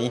yi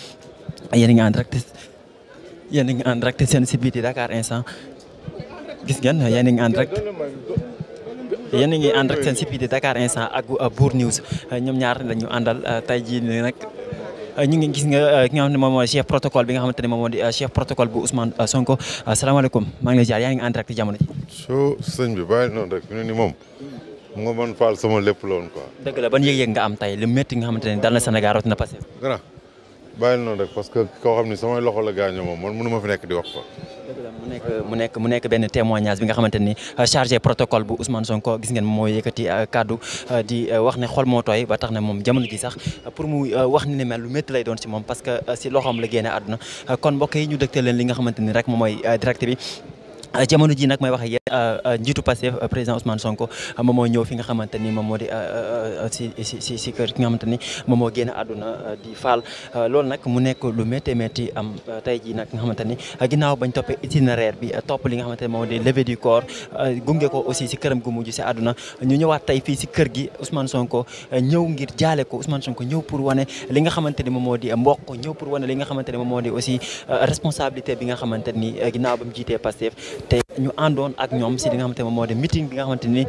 yéen a ngi en direct yéen a seen site bi di Dakar instant gis ngeen yéen a ngi en direct yéen a di Dakar instant ak Bour News ñoom ñaar lañu àndal tey jii ni nag. ñu ngi gis nga ki nga xam ne moom mooy chef protocole bi nga xamante ne moom moo di euh, chef protocole bu Ousmane euh, Sonko ngi lay jaar yaa ngi en direct jamono ji. soo sëñ bi bàyyi noonu rek fi mu ne moom. mu faal sama lépp la woon quoi. dëgg la ban yëg-yëg nga am tey lu métti nga xamante ne dal na Sénégal rawatina passé. bàyyi noonu rek parce que koo xam ni samay loxo la gaañoo moom man fi nekk di wax ko mu nekk mu nekk mu nekk benn témoignage bi nga xamante ni euh, chargé protocole bu Ousmane Sonko gis ngeen moo yëkkati euh, kaddu euh, di wax ne xol moo tooy ba tax na moom jamono ji sax pour mu wax ni ne mel lu métti lay doon si moom parce que si loxoom la génne àdduna kon mbokk yi ñu dëgte leen li nga xamante ni rek moom mooy direct bi jamono ji nag may wax Euh, euh, njiitu Pastef euh, président Ousmane Sonko moom moo ñëw fi nga xamante ni moom moo di si si si kër ki nga ni moom moo génn àdduna di faal loolu nag mu nekk lu métti métti am tey jii nag nga xamante ni ginnaaw bañ toppee itinéraire bi topp li nga xamante ni moom di levée du corps gunge ko aussi si këram gu mujj si àdduna ñu ñëwaat tey fii si kër gi Ousmane Sonko ñëw ngir jaale ko Ousmane Sonko ñëw pour wane li nga xamante ni moom moo di mbokk ñëw pour wane li nga xamante ni moom moo di aussi responsabilité bi nga xamante ni ginnaaw ba mu jiitee Pastef te ñu àndoon ak ñoom si moo di meeting bi nga xamante ni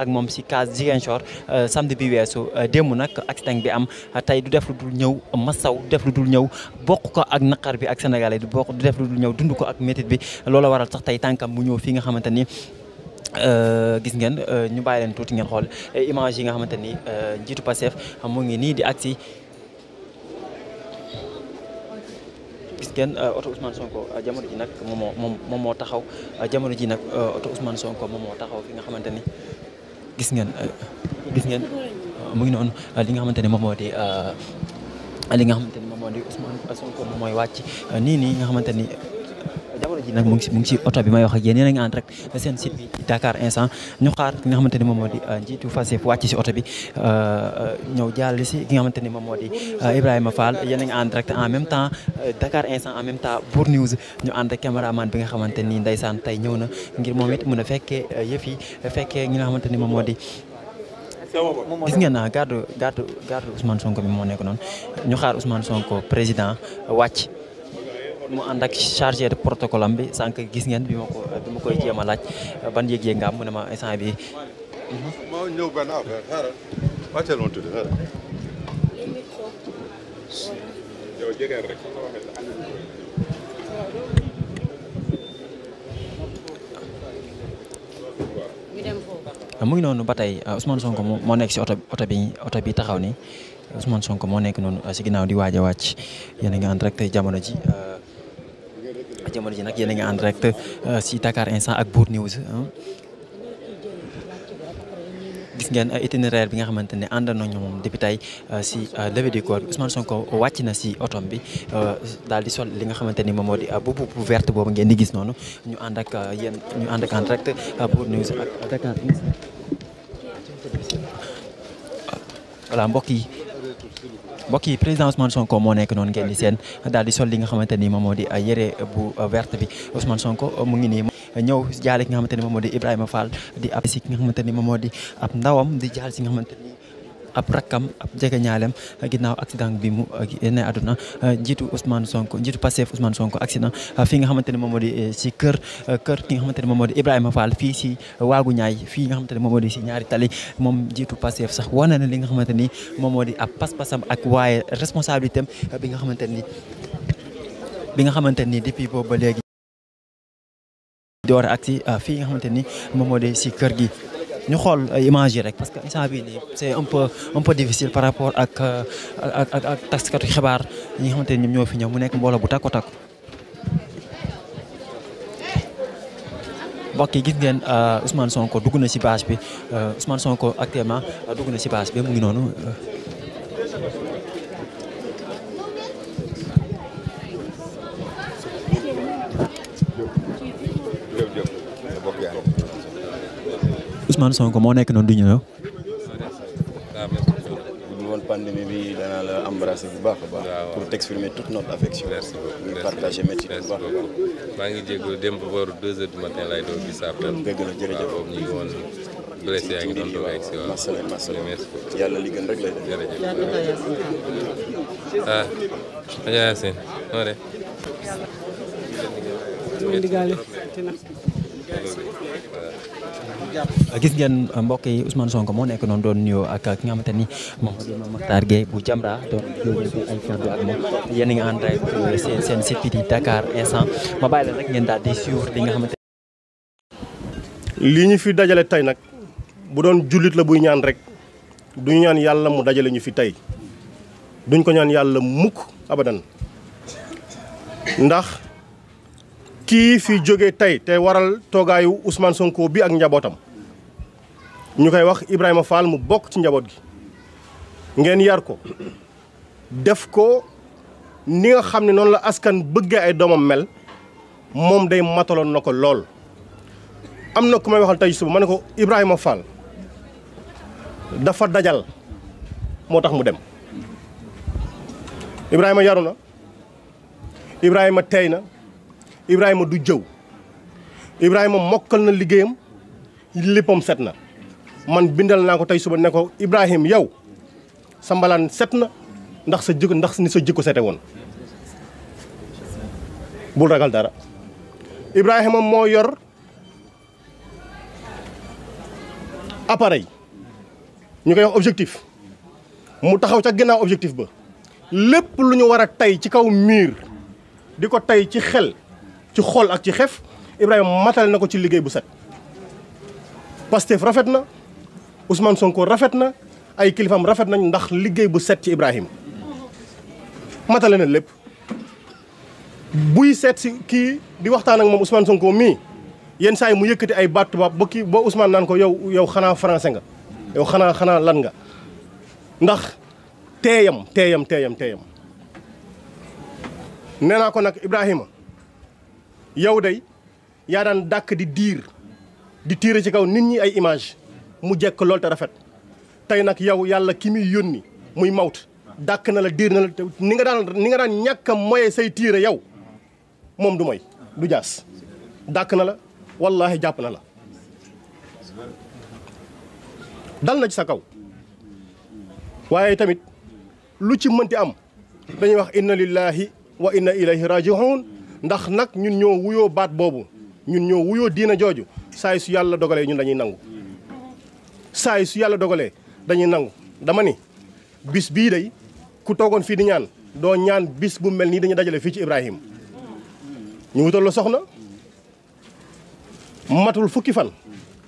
ak moom si cas Ziguinchor euh, samedi bi weesu euh, démb nag accident bi am tey du def lu dul ñëw masaw du def lu dul ñëw bokk ko ak naqar bi ak sénégalais du bokk du def lu dul ñëw dund ko ak métit bi loola waral sax tey tànkam bu ñëw fii nga xamante ni euh, gis ngeen ñu bàyyi leen tuuti ngeen xool image yi nga xamante ni njiitu Pastef mu ngi nii di agsi gis ngeen euh, oto Ousmane Sonko euh, jamono ji nag moom moo moom moo taxaw euh, jamono ji nag oto Ousmane Sonko moom moo taxaw fi nga xamante ni gis ngeen gis ngeen mu ngi noonu li nga xamante ni moom moo di li nga xamante ni moom moo di Sonko moom mooy wàcc nii nii nga xamante ni jamono ji nag mu ngi si oto bi may wax ak yéen yéen a ngi seen site Dakar instant ñu xaar nga xamante ni moom moo di euh, njiitu Pastef wàcc si oto bi euh, euh, ñëw jaarale si ki nga xamante ni a ngi ànd rek en même temps Dakar instant en ñu ànd ak caméraman bi nga xamante ni tey ñëw na ngir moom it mën a fekkee yëf yi fekkee ñi nga xamante ni moom moo di gis ngeen naa garde garde garde Ousmane Sonko bi moo nekk noonu ñu xaar Ousmane Sonko président wàcc mu ànd ak chargé de protocole am bi sànq gis ngeen bi ma ko bi ma koy jéem a laaj ban yëg-yëg nga am mu ne ma instant bi ma ñëw benn affaire xaaral wàcceel ma tudd xaaral yow jegeel rek ah, mu ngi noonu ba tey ah, Ousmane Sonko moo nekk si oto oto bi oto bi taxaw ni Ousmane Sonko moo nekk noonu si ah, ginnaaw di waaj a wàcc yéen a ngi ànd rek jamono ji jamono ji nag yéen a ngi en direct euh, si Dakar Instant ak Bour News gis ngeen euh, itinéraire bi nga xamante ne ànd nañu moom depuis tey euh, si levée du corps bi Ousmane Sonko wàcc na si otom bi daal di sol li nga xamante ni moom moo di bubu bu verte boobu ngeen di gis noonu ñu ànd ak yéen ñu ànd ak en direct Bour News ak Dakar Instant voilà mbokk yi mbokk yi président Ousmane Sonko moo nekk noonu ngeen di seen daal di sol nga xamante ni moom moo di yére bu verte bi Ousmane Sonko mu ngi nii ñëw jaale ki nga xamante ni moom moo di Ibrahima faal di a si ki nga xamante ni moom moo di ab ndawam di jaal si nga xamante ab rakkam ab jege ñaalem euh, ginnaw accident bi mu euh, ne àdduna euh, njiitu Ousmane Sonko njiitu Pastef Ousmane Sonko accident fii nga xamante ne moom moo di si kër kër ki nga xamante ne moom moo di Ibrahima Fall fii si waagu ñaay fii nga xamante ne moom moo si ñaari tali moom njiitu Pastef sax wane na li nga xamante ni moom moo di ab pas-pasam ak waaye responsabilité am bi nga xamante ni bi nga xamante ni depuis boobu ba léegi door ak si fii nga xamante ni moom moo di si kër gi ñu xool euh, image yi rek parce que instant bii nii c'est un peu un peu difficile par rapport ak euh, ak ak xibaar ñi nga xamante ni ñoo fi ñëw mu nekk mbooloo bu takko takku. mbokk yi gis ngeen euh, Ousmane Sonko dugg na ci bâche bi Ousmane Sonko actuellement dugg na ci bâche bi mu ngi noonu. Ousmane Sonko moo nekk noonu du ñu pandémie bi danaa la embrasser bu baax a baax pour t'exprimer toute notre affection ñu partager métti bu baax a baax maa ngi jégalu démb booru deux heures du matin laay doon gis appel dëgg la jërëjëf boobu ñu ngi woon blessé yaa ngi doon doon egsi waaw masala masala yàlla li gën rek lay def jërëjëf ah Adja Yacine noo def gis ngeen euh, mbokk yi Ousmane Sonko moo nekk noonu doon nuyoo ak ki nga xamante ni moom Mamadou Makhtar Gueye bu Jamra doon yónnee ay yéen a ngi en euh, seen seen site bi di Dakar instant ma bàyyi leen rek ngeen daal di suivre li nga xamante li ñu fi dajale tey nag bu doon jullit la buy ñaan rek duñu ñaan yàlla mu dajale ñu fi tey duñ ko ñaan yàlla mukk abadan ndax kii fi jóge tey te waral toogaayu Ousmane Sonko bi ak njabootam ñu koy wax Ibrahima Fall mu bokk ci njaboot gi ngeen yar ko def ko ni nga xam ne noonu la askan bëggee ay doomam mel moom day mataloon na ko lool am na ku may waxal tey suba ma ne ko Ibrahima Fall dafa dajal moo tax mu dem Ibrahima yaru na Ibrahima tey na Ibrahima du jëw Ibrahima mokkal na liggéeyam léppam set na man bindal naa ko tey suba ne ko Ibrahima yow sa mbalaan set na ndax sa jikko ndax ni sa jikko sete woon bu ragal dara Ibrahima moo yor appareil ñu koy wax objectif mu taxaw ca ginnaaw objectif ba lépp lu ñu war a tey ci kaw miir di ko tey ci xel ci xool ak ci xef Ibrahima matal na ko ci liggéey bu set Pastef rafet na Ousmane Sonko rafet na ay kilifaam rafet nañ ndax liggéey bu set ci Ibrahima matale na lépp buy seet si kii di waxtaan ak moom Ousmane Sonko mii yenn saa yi mu yëkkati ay baat tubaab ba kii ba Ousmane naan ko yow yow xanaa français nga yow xanaa xanaa lan nga ndax teeyam teeyam teeyam teeyam nee naa ko nag Ibrahima yow day yaa daan dàkk di diir di tiire ci kaw nit ñi ay image mu jekk lool te rafet tey nag yow yàlla ki muy yónni muy mawt dàkk na la diir na la te ni nga daan ni nga daan ñàkk a moye say tiire yow moom du moy du jaas dàkk na la wallaahi jàpp na la dal na ci sa kaw waaye tamit lu ci mënti am dañuy wax inna lillahi wa inna ilayhi rajiun ndax nag ñun ñoo wuyoo baat boobu ñun ñoo wuyoo diina jooju saa su yàlla dogalee ñun dañuy nangu saa su yàlla dogalee dañuy nangu dama ni bis bii day ku toogoon fii di ñaan doo ñaan bis bu mel nii dañuy dajale fii ci Ibrahima ñu wutal la soxna matul fukki fan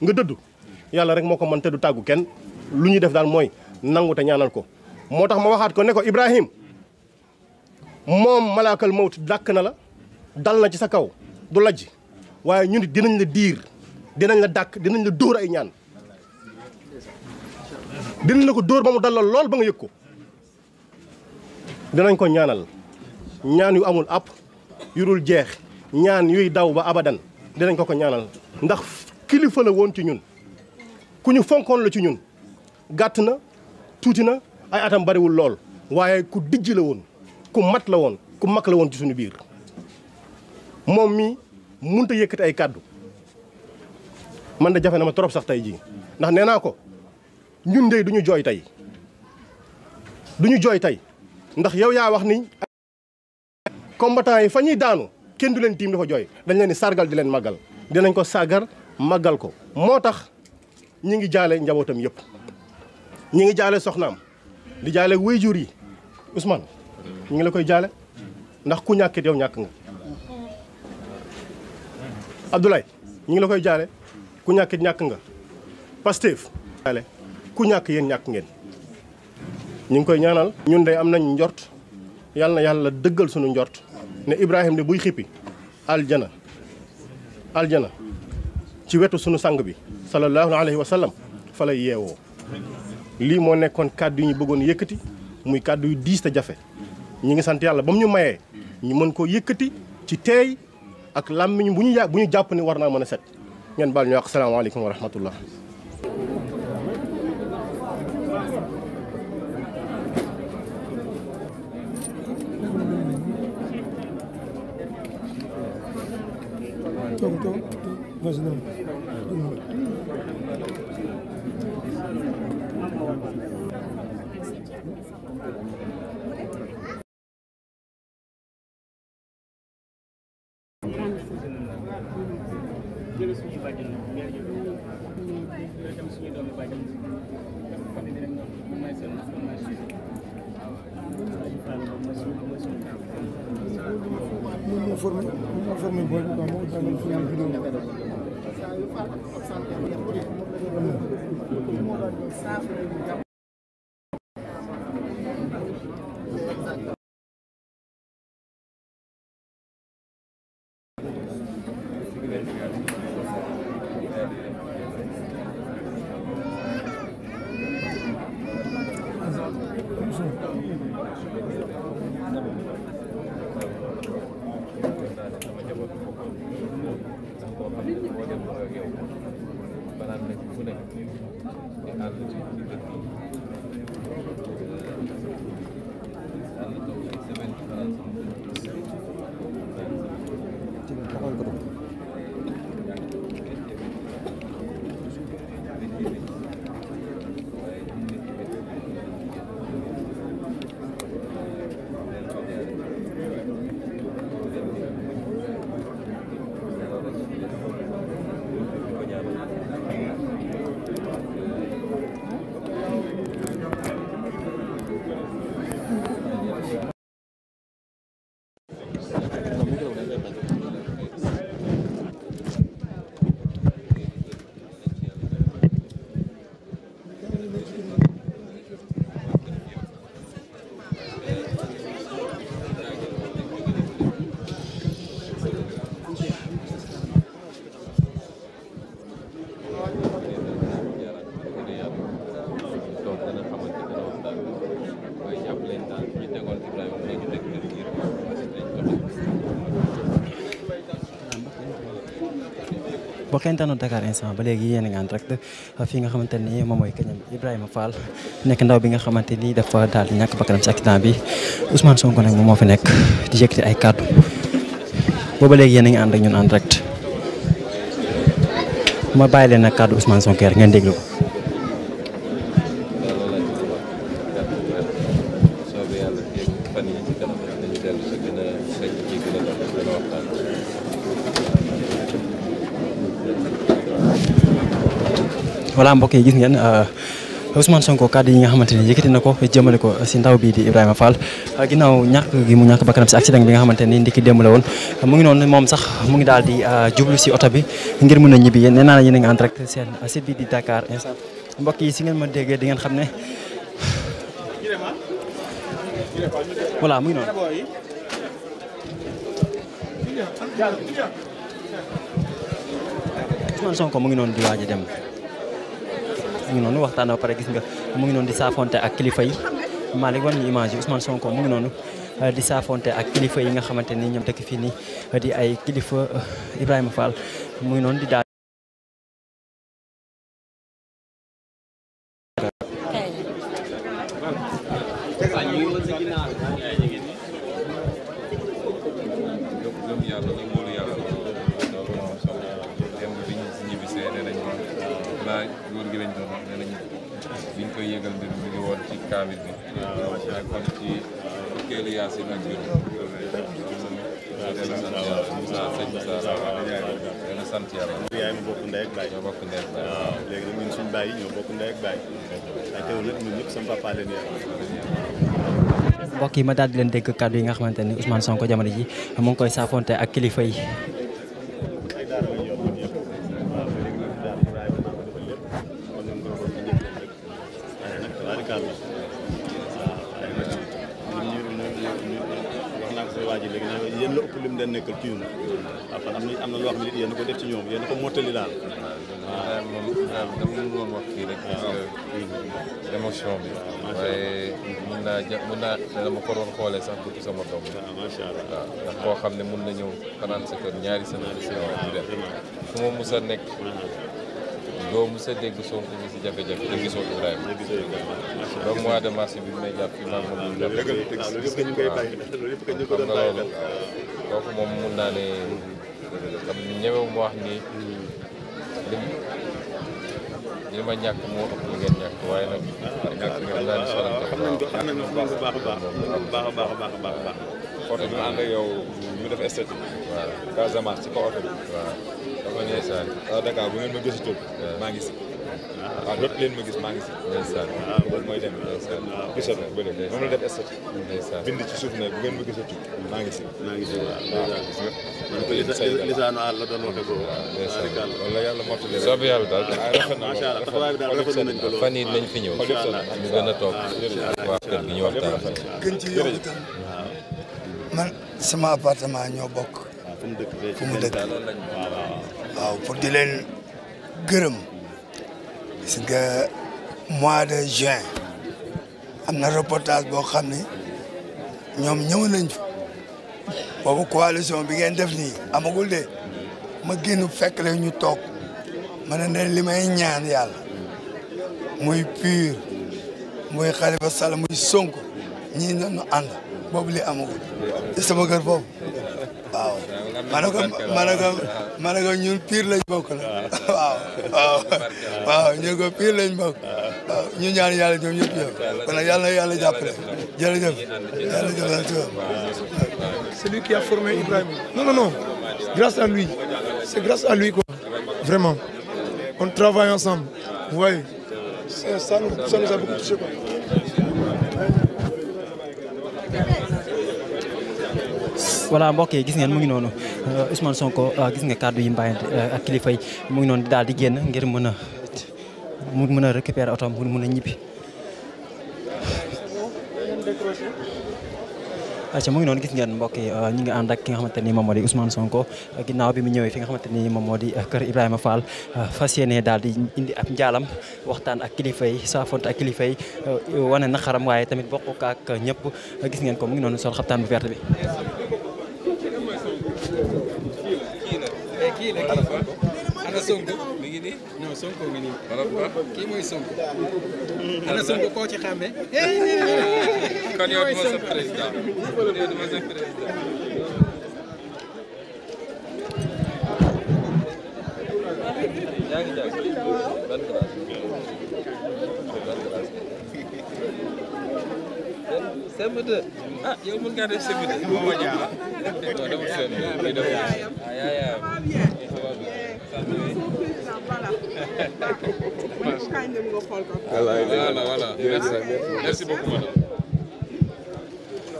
nga dëddu yàlla rek moo ko mën du tàggu kenn lu ñuy def daal mooy nangu te ñaanal ko moo tax ma waxaat ko ne ko Ibrahima moom malaakal mawt dàkk na la dal ci sa kaw du lajj waaye ñun nit dinañ la diir dinañ la dàkk dinañ la dóor ay ñaan dinañ la ko dóor ba mu dal lool ba nga yëg ko dinañ ko ñaanal ñaan yu amul àpp yu dul jeex ñaan yuy daw ba abadan dinañ ko ko ñaanal ndax kilifa la woon ci ñun ku ñu fonkoon la ci ñun gàtt na tuuti na ay atam bariwul lool waaye ku dijj woon ku mat la woon ku mag la woon ci suñu biir moom mi mënut a ay kàddu man da jafe na ma trop sax tey jii ndax nee naa ko ñun de du ñu jooy tey du ñu jooy tey ndax yow yaa wax ni. combattant yi fa ñuy daanu kenn du leen tiim dafa jooy dañ leen di sargal di leen màggal dinañ ko sargal màggal ko moo tax ñi ngi jaale njabootam yëpp ñi ngi jaale soxnaam di jaale waajur yi Ousmane ñu ngi la koy jaale ndax ku ñàkkit yow ñàkk nga Abdoulaye ñu ngi la koy jaale ku ñàkk ñàkk nga Pastef jaale ku ñàkk yéen ñàkk ngeen ñu ngi koy ñaanal ñun de am nañ njort yàlla na yàlla dëggal suñu njort ne Ibrahima de buy xippi aljana aljana ci wetu sunu sang bi sallallahu alayhi fala sallam yeewoo lii moo nekkoon kàddu yi ñu bëggoon yëkkati muy kàddu yu diis te jafe ñi ngi sant yàlla ba ñu mayee ñu mën koo yëkkati ci teey ak làmmiñ bu ñu yà bu ñu jàpp ni war naa mën a set ngeen baal ñu wax salaamaaleykum wa rahmatullah jëlee suñuy bàjjen ñaar yëpp ñoo dem suñuy doomu bàjjen dafa fàtte di rek ñoom moom mooy suñu moom moo formé moom moo formé booy balaa nekk fu nekk di àll ci dëkk yi mbokk internet Dakar instant ba léegi yéen a ngi direct fii nga xamante ni moom mooy kañam Ibrahima Fall nekk ndaw bi nga xamante ni dafa daal di ñàkk bakkanam ci accident bi Ousmane Sonko nag moom moo fi nekk di yëkkati ay kàddu booba léegi yéen a ngi ànd ak ñun en direct ma bàyyi leen nag kàddu Ousmane Sonko ngeen déglu voilà mbokk yi gis ngeen euh, Ousmane Sonko kàddu yi nga xamante ni yëkkati na ko jëmale ko si ndaw bi di Ibrahima Fall euh, ginnaaw ñàkk gi mu ñàkk bakkanam si accident bi nga xamante ni ndiki démb la woon mu ngi noonu moom sax mu ngi daal di euh, jublu si oto bi ngir mën a ñibbi yéen nee naa la yéen a ngi en direct seen site bi di Dakar instant mbokk yi si ngeen ma déggee di ngeen xam ne voilà mu ngi noonu Ousmane Sonko mu ngi noonu di waaj dem mi ngi noonu waxtaan ba pare gis nga mu ngi noonu di saafonte ak kilifa yi Malick wan ñu image yi Sonko mu ngi noonu euh, di saafonte ak kilifa nga xamante ni ñoom dëkk fii nii di ay kilifa euh, Ibrahima Fall mu ngi noonu di daal mbokk yi ma daal di leen dégg kàddu yi nga xamante ni Ousmane Sonko jamono ji mu ngi saafonte ak kilifa leen nekkal ci ñun waaw kon am na am na loo xam ne yéen a ko def ci ñoom yéen a ko mottali daal bi waaye mun naa ja mun naa dama ko doon xoolee sax bu sa kër ñaari fu ma mus a nekk doo mos a dégg Sonko bi si jafe-jafe te gisoo Ibrahima donc de mars bi may jàpp fii maa ngi ko. waaw loolu yëpp dañu koy bàyyi loolu yëpp dañu ko doon bàyyi kooku moom mun naa ne xam ñemewu ma wax ni lim li ma ñàkk moo ëpp waaye nag ñàkk ngeen daal di soxla xam nañ ko xam nañ ko bu baax a baax baax a baax a baax a baax a baax oto bi ànd ak yow ñu def statut waaw Casamance ci kaw oto bi waaw dafa ne saa Dakar bu maa ngi si waaw dootu leen gis maa ngi si. ndeysaan loolu mooy ci suuf nag bu ngeen ma gisatu. maa maa ngi si waaw waaw gis nga. man ko lisaanu àll la doon waxee yàlla mottali yàlla daal na fan yii nañ fi ñëw. ñu gën a toog waa kër gi ñu waxtaan. gën ci yokk itam man sama appartement ñoo bokk. fu mu dëkk waaw pour di leen gërëm gis mois de juin am na reportage boo xam ni ñoom ñëw nañ fa boobu coalition bi ngeen def nii amagul de ma génn fekk rek ñu toog ma ne leen li may ñaan yàlla muy pur muy Khalifa sal muy sonk ñii nañu ànd boobu li amagul sama kër foofu waaw man ko man ko man ko ñun pire lañ bokk na waaw waaw waaw ñun ko pire lañ bokk waaw ñu ñaan yàlla ñoom ñëpp ñëw kon nag yàlla yàlla jàppale jërëjëf yàlla jëfal ci qui a formé Ibrahima non non non grâce à lui c'est grâce à lui quoi vraiment on travaille ensemble vous voyez ça nous ça nous a beaucoup touché voilà mbokk yi gis ngeen mu ngi noonu euh, Ousmane Sonko euh, gis nga kàddu yi mbaayante euh, kilifa yi mu ngi noonu daal di génn ngir mën mu mën oto mu mën a ñibbi. gis ngeen mbokk yi ñu ngi ànd ak ki nga xamante ni moom moo di Ousmane Sonko ginnaaw bi mu ñëwee fi nga xamante ni moom moo di kër Ibrahima Fall fas yéene daal di indi ab njaalam waxtaan ak kilifay yi saafonte ak kilifa wane na xaram waaye tamit bokk ak ñëpp gis ngeen ko mu ngi noonu sol xabtaan verte bi nekk ana Sonko mi ngi nii non Sonko mi ngi nii. kii mooy Sonko. ana Sonko koo ci xàmme. kon yow du ma sa président yow du ma sa président. yaa ngi jàng ban classe ban classe CM2 ah yow mën ngaa def CM2. waaw dama seetlu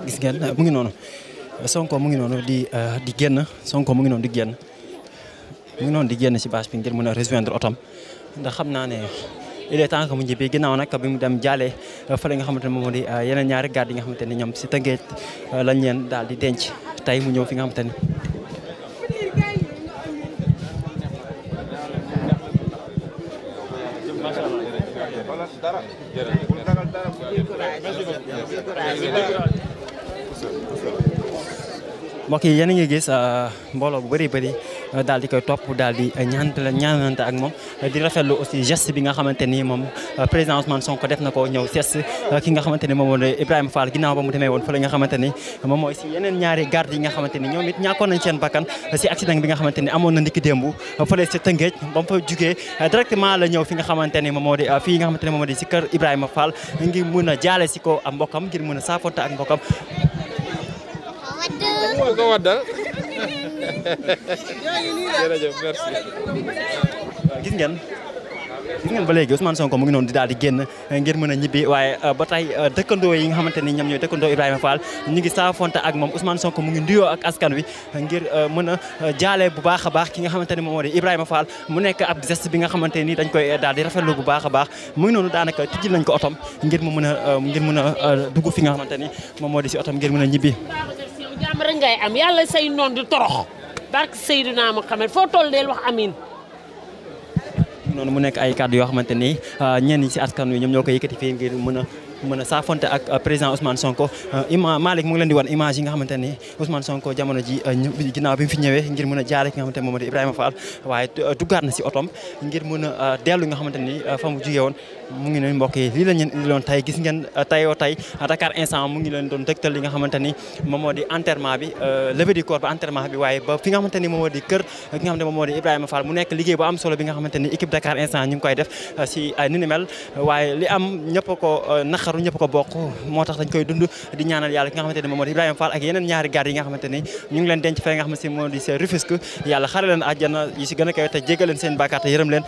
gis ngeen mu ngi noonu Sonko mu ngi noonu di euh, di génn Sonko mu ngi noonu di génn mu ngi di génn si bâche bi ngir mën a rejoindre otom ndaxam xam naa ne il est temps mu ñibbi ginnaaw nag bi mu dem jaalee fële nga xamante ne moom moo di euh, yeneen ñaari garde yi nga xamante ñoom si tëngeet euh, lañ leen daal di denc tey mu ñëw fi nga xamante ne. dara bul ragal dara bul découragé mbokk yi yéen a ngi gis euh, mbooloo bu bëri bëri euh, daal di koy topp daal di ñaanante ñaanante ak moom di rafetlu aussi geste bi nga xamante ni moom euh, président Ousmane Sonko def na ko ñëw sees ki nga xamante ni moom moo Ibrahima Fall ginnaaw ba mu demee woon fële nga xamante ni moom mooy si yeneen ñaari garde yi nga xamante ni ñoom it ñàkkoon nañ seen bakkan si accident bi nga xamante ni amoon na ndiki démb fële si Tëngéej ba mu fa jugee directement la ñëw fi nga xamante ni moom moo di fii nga xamante ni moom moo di si kër Ibrahima Fall ngir mun a jaale si ko ak mbokkam ngir mun a saafonte ak mbokkam ku ko waddal ah. jërëjëf merci. gis ngeen. gis ngeen ba léegi Ousmane Sonko mu ngi noonu di daal di génn ngir mën a ñibbi waaye euh, ba tey euh, dëkkandoo yi nga xamante ni ñoom ñoo dëkkandoo Ibrahima Fall ñu ngi saafonte ak moom Ousmane Sonko mu ngi nduyoo ak askan wi ngir euh, mën a jaale bu baax a baax ki nga xamante ni moom moo di Ibrahima Fall mu nekk ab geste bi nga xamante ni dañ koy daal di rafetlu bu baax a baax mu ngi noonu daanaka tijjil nañ ko otom ngir mu mën a ngir mën a dugg fi nga xamante ni moom moo di si otom ngir mën a ñibbi yow jàmm rek am yàlla say noon di torox barke Seydina Muhammad foo toll deel wax amin noonu mu nekk ay kàddu yoo xamante ni ah, ñenn ñi si askan wi ñoom ñoo ko yëkkati fii ngir mën a mën a saafonte ak ah, président Ousmane Sonko ah, ima Malick mu ngi leen di wan image yi nga xamante ni Ousmane Sonko jamono ji ginnaaw bi fi ñëwee ngir mën a jaare ki nga xamante ni moom waaye duggaat na si otom ngir mën a dellu nga xamante ni fa mu jugee woon mu ngi noonu mbokk yi lii la ñu leen indiloon tey gis ngeen tayoo euh, tey Dakar instant mu ngi leen doon tegtal nga xamante ni euh, kër ki nga xamante moom moo di Ibrahima ak yeneen ñaari garde yi nga xamante ni leen denc fee nga xamante si moo di Rufisque xare leen àjjana yi si gën a kawe te jégal leen yërëm leen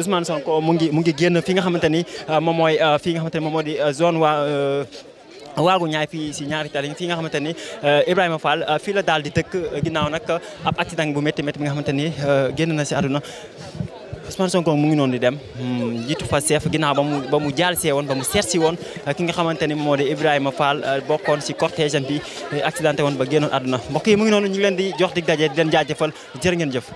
Ousmane Sonko mu ngi mu ngi génn fi nga xamante ni euh, moom mooy euh, fi nga xamante ni moom moo di euh, zone waa. waagu ñaay fii si ñaari tali fii nga xamante ni Ibrahima Fall fii la daal di tëkk ginnaaw nag ab accident bu metti métti bi nga xamante ni génn na si àdduna Ousmane Sonko mu ngi noonu di dem hmm, jiitu fa seef ginnaaw ba mu ba mu jaal see woon ba mu seet si woon ki nga xamante ni moo di Ibrahima Fall bokkoon si cortège am bi accidenté woon ba génnoon àdduna mbokk yi mu ngi noonu ñu ngi leen di jox dig daje di leen jëf